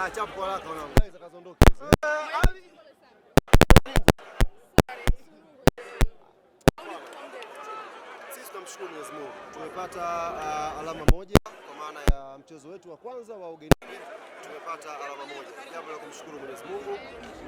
Ah, chapu haraka wanangu. Guys akazondoke hizo. Eh, Sisi tunamshukuru Mwenyezi Mungu. Tumepata uh, alama moja kwa maana ya mchezo wetu wa kwanza wa ugenini tumepata alama moja. Jambo la kumshukuru Mwenyezi Mungu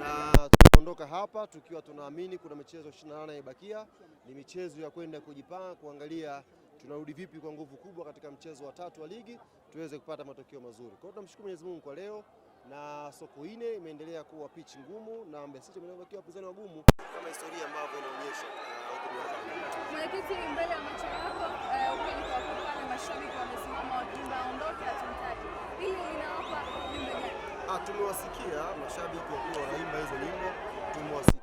na tunaondoka hapa tukiwa tunaamini kuna michezo 28 ibakia, ni michezo ya kwenda kujipanga kuangalia tunarudi vipi kwa nguvu kubwa katika mchezo wa tatu wa ligi tuweze kupata matokeo mazuri. Kwa hiyo tunamshukuru Mwenyezi Mungu kwa leo, na Sokoine imeendelea kuwa pitch ngumu na Mbeya City imeendelea kuwa wapinzani wagumu kama historia ambavyo inaonyesha. Eh, Mwenyekiti, mbele ya macho yako eh, na mashabiki wamesimama wajumbe aondoke atumtaji, hii inawapa ujumbe gani? Ah, tumewasikia mashabiki wakuwa wanaimba hizo nyimbo, tumewasikia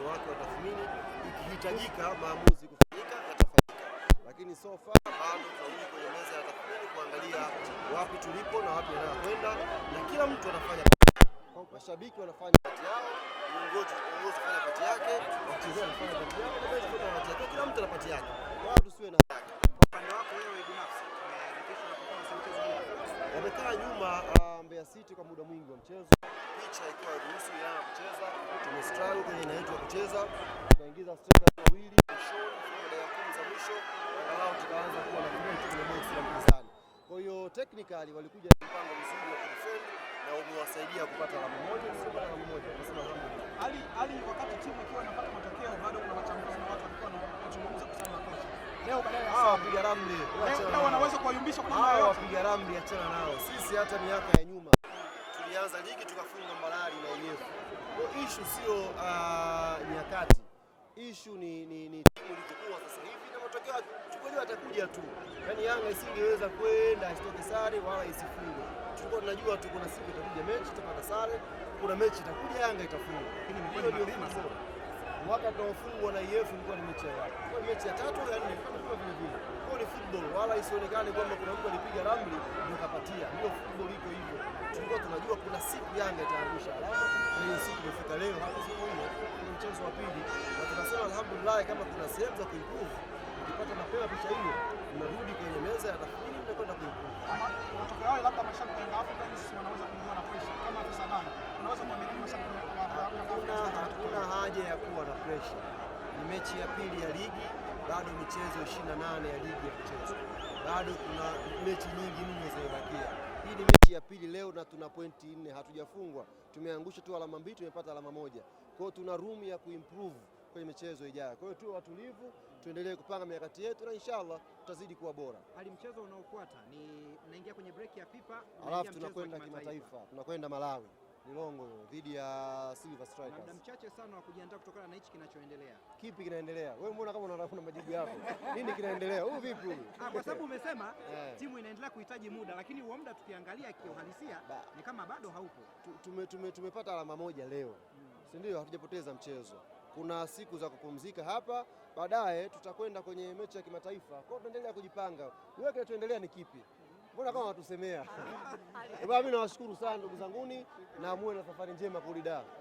mchakato wake wa tathmini, ikihitajika maamuzi kufanyika yatafanyika, lakini so far bado tunarudi kwenye meza ya tathmini kuangalia wapi tulipo na wapi tunakwenda, na kila mtu anafanya mashabiki wanafanya kati yao, viongozi wanafanya kati yake, wachezaji wanafanya kati yao, na benchi kila mtu anapati yake, wala tusiwe na yake. Kwa upande wako wewe binafsi, wamekaa nyuma ah, Mbeya City kwa muda mwingi wa mchezo, picha ikiwa ruhusu ya kucheza kwenye strike kwenye inaitwa kucheza, tukaingiza striker wawili za mwisho angalau tukaanza kuwa na kitu kwenye box la mpinzani. Kwa hiyo technically walikuja na mpango mzuri wa kudefend na umewasaidia kupata alama moja, sio alama moja, nasema ali ali, wakati timu ikiwa inapata matokeo bado kuna wachambuzi na watu walikuwa wanazungumza kusana na kocha leo badala ya hawa ah, wapiga ramli, wanaweza kuwayumbisha kwa ah, namna Wapiga ramli achana nao, sisi hata miaka ya nyuma tulianza ligi tukafunga Mbalali na wenyewe. Issue sio uh, ah, nyakati, issue ni ni, ni timu ilivyokuwa sasa hivi na matokeo chukuliwa atakuja tu, yaani Yanga isingeweza kwenda isitoke sare wala isifunge. Tulikuwa tunajua tu kuna siku itakuja mechi tutapata sare, kuna mechi itakuja Yanga itafunga, lakini hiyo ndio mwaka tunaofungwa na EF ilikuwa ni mechi ya mechi ya tatu ya nne kama vile vile. Kwa ni football wala isionekane kwamba kuna mtu alipiga ramli ndio kapatia. Ndio football iko hivyo. Tulikuwa tunajua kuna siku Yanga itaangusha alama hiyo siku imefika leo hapa siku hiyo ni mchezo wa pili. Na tunasema alhamdulillah kama kuna sehemu za kuimprove. Ukipata mapema picha hiyo unarudi kwenye meza ya tathmini na kuimprove. Matokeo yale labda mashabiki wa Afrika wanaweza kuingia pressure kama afisa nani? pressure. Ni mechi ya pili ya ligi, bado michezo 28 ya ligi ya kucheza, bado kuna mechi nyingi nne zimebakia. Hii ni mechi ya pili leo na tuna pointi nne, hatujafungwa, tumeangusha tu alama mbili, tumepata alama moja. Kwa hiyo tuna room ya kuimprove kwenye michezo ijayo. Kwa hiyo tuwe watulivu, tuendelee kupanga mikakati yetu na inshallah tutazidi kuwa bora. Hadi mchezo unaofuata ni mnaingia kwenye break ya FIFA, alafu tunakwenda kimataifa, tunakwenda Malawi. Milongo dhidi ya Silver Strikers. Muda mchache sana wa kujiandaa kutokana na hichi kinachoendelea. Kipi kinaendelea? Wewe mbona kama unatafuna majibu yako? Nini kinaendelea? Huyu vipi huyu? Ah, kwa sababu umesema yeah, timu inaendelea kuhitaji muda, lakini huo muda tukiangalia kiuhalisia ni kama bado haupo. Tume, tume, tumepata alama moja leo Mm. si ndio? Hatujapoteza mchezo. Kuna siku za kupumzika hapa, baadaye tutakwenda kwenye mechi ya kimataifa. Kwa hiyo tunaendelea kujipanga. Wewe kinachoendelea ni kipi? mbona kama watusemea? Mimi nawashukuru sana ndugu zanguni, na muwe na safari njema kurudi Dar.